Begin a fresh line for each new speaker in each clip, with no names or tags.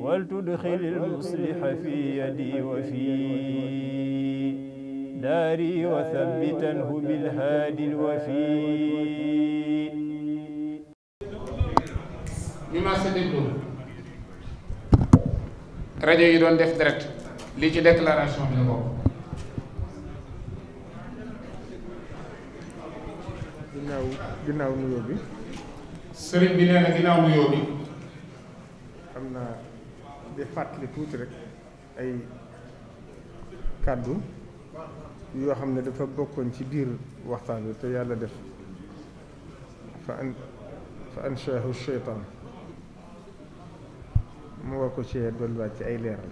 ولتدخل المصلح في يدي وفي داري وثبتنه بالهادي الوفي ñu ma sa yi doon def direct lii ci la bokk ginnaaw di fàttali tuuti rek ay kàddu yoo xam ne dafa bokkoon ci biir waxtaan wi te yàlla def fa an fa anshaahu sheytaan mu war ko cee dolliwaat ci ay leeral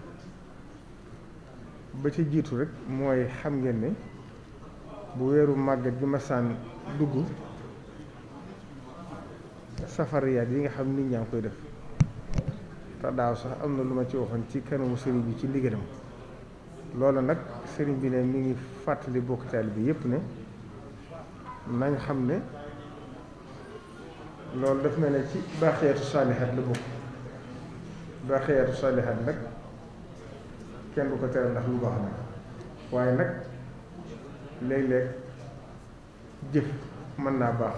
ba ci jiitu rek mooy xam ngeen ne bu weeru màggat gi sànn dugg safariyaat yi nga xam nit ñaa ngi koy def te daaw sax am na lu ma ci waxoon ci kanamu sëriñ bi ci ndigalam loolu nag sëriñ bi ne mi ngi fàttali bokk taal bi yépp ne nañ xam ne loolu daf mel ne ci baaxiyaatu saalihaat la bokk baaxeetu saalihaat nag kenn du ko tere ndax lu baax nag waaye nag léeg-léeg jëf mën naa baax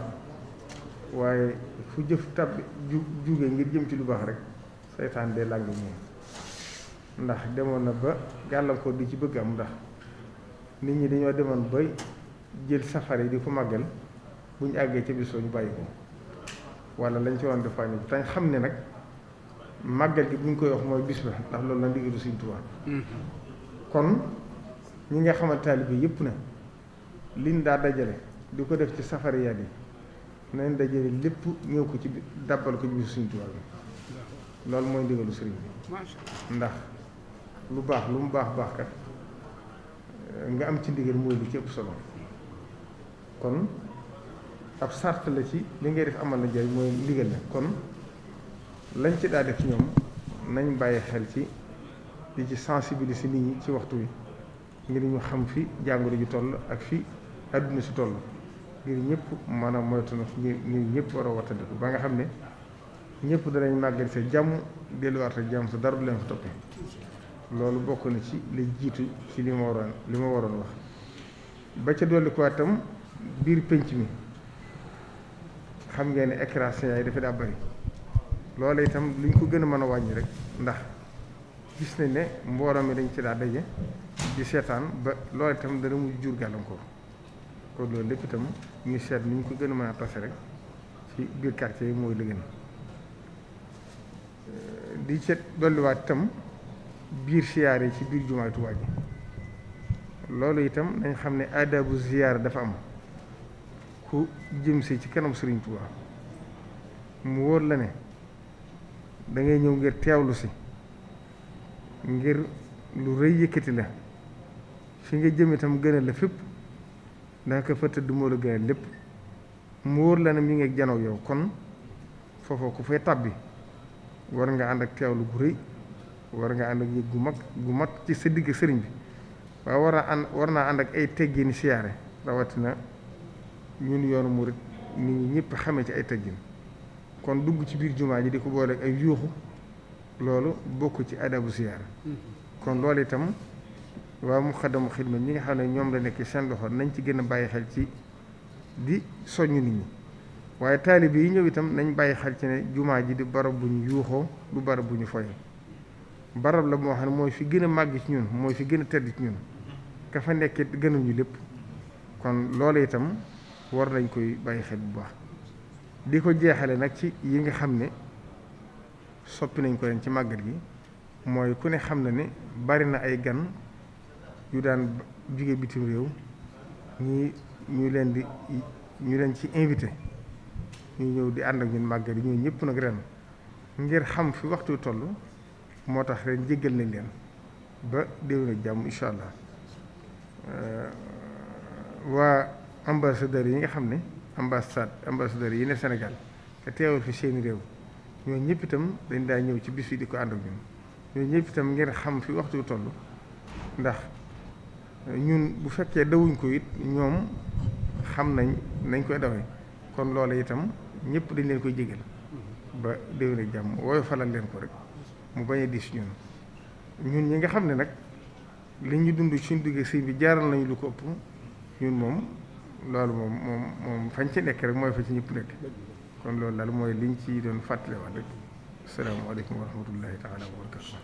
waaye fu jëf tàbbi ju jóge ngir jëm ci lu baax rek seytaan de làng moom ndax demoon na ba gàllankoor di ci bëgg am ndax nit ñi dañoo demoon ba jël safari di ko màggal bu ñu àggee ca bis ñu bàyyi ko wala lañ ci woon def wàññi te xam ne nag màggal gi bu ñu koy wax mooy bis ba ndax loolu la ndigalu Sëriñ Tuubaa kon ñi nga xamante taalibe yëpp na liñ daa dajale di ko def ci safari yaat yi nañ dajale lépp ñëw ko ci dabbal ko ci bisu Sëriñ Tuubaa bi loolu mooy ndigalu sëriñ bi ndax lu baax lu mu baax baax kat eh, nga am ci ndigal mooy lu ci ëpp solo kon ab sart la ci li ngay def amal la jëriñ mooy ndigal la kon lañ ci daa def ñoom nañu bàyyi xel ci di ci sensibiliser nit ñi ci waxtu wi ngir ñu xam fi jàngoro ji toll ak fi àdduna si toll ngir ñëpp maanaam moytu na ngir ñëpp war a wattandiku ba nga xam ne ñëpp danañ màggal sa jàmm delluwaat sa jàmm sa dara du leen fa toppee loolu bokk na ci li jiitu ci li ma waroon li ma waroon wax ba ca dolli ko itam biir pénc mi xam ngeen ne écran yi dafa daa bari loolu itam luñ ko gën a mën a wàññi rek ndax gis nañ ne mbooloo mi dañ ci daa daje di seetaan ba loolu itam dana mujj jur gàllankoor kon loolu lépp itam ñu seet ni ñu ko gën a mën a tose rek ci biir quartier yi mooy la gën di ca dolliwaat itam biir siyaar yi ci biir jumaay Tuubaa loolu itam dañ xam ne aadabu ziyaara dafa am ku jëm si ci kanam Sëriñ Tuubaa mu wóor la ne dangay ñëw ngir teewlu si ngir lu rëy yëkkati la fi nga jëm itam gënal la fépp danga ko fa tëdd moo la gënal lépp mu wóor la ne mu ngi ak janaw yow kon foofa ku fay tàbbi war nga ànd ak teewlu gu rëy war nga ànd ak yëg gu mag gu mag ci sa digg sëriñ bi waaye war naa ànd war naa ànd ak ay teggin siyaare rawatina ñun yoonu murit nit ñi ñépp xame ci ay teggin kon dugg ci biir jumaa ji di ko boole ay yuuxu loolu bokk ci adabu siyaare mm-hmm. kon lool itam waaw mu xaddamu xidma ñi nga xam ne ñoom la nekk seen loxo nañ ci gën a bàyyi xel ci di soññ nit ñi waaye taalibe yi ñëw itam nañ bàyyi xel ci ne jumaa ji di barab bu ñu yuuxoo du barab bu ñu foy barab la moo xam ne mooy fi gën a màgg ci ñun mooy fi gën a tedd ci ñun ka fa nekkee gënuñu lépp kon loolu itam war nañ koy bàyyi xel bu baax di ko jeexale nag ci yi nga xam ne soppi nañ ko leen ci màggat gi mooy ku ne xam na ne bari na ay gan yu daan jóge bitim réew ñi ñu leen di ñu leen ci invité ñu ñëw di ànd ak ñun màggal yi ñun ñëpp nag ren ngir xam fi waxtu toll moo tax ren jéggal nañ leen ba déwén ak jàmm incha allah euh, waa ambassadeurs yi nga xam ne ambassade ambassadeurs yi ne Sénégal te teewal fi seeni réew ñooñu ñëpp itam dañ daa ñëw ci bis bi di ko ànd ak ñun ñooñu ñëpp itam ngir xam fi waxtu toll ndax ñun bu fekkee dawuñ ko it ñoom xam nañ nañ koy dawee kon loolu itam ñëpp dañ leen koy jégal ba déwén ak jàmm wooyu falal leen ko rek mu bañ a diis ñun ñun ñi nga xam ne nag li ñu dund suñ duggee sëñ bi jaaral nañu lu ko ëpp ñun moom loolu moom moom moom fañ ci nekk rek mooy fa ci ñëpp nekk kon loolu daal mooy liñ ci doon fàttalewaat rek salaamaaleykum wa rahmatullahi taala wa barakatu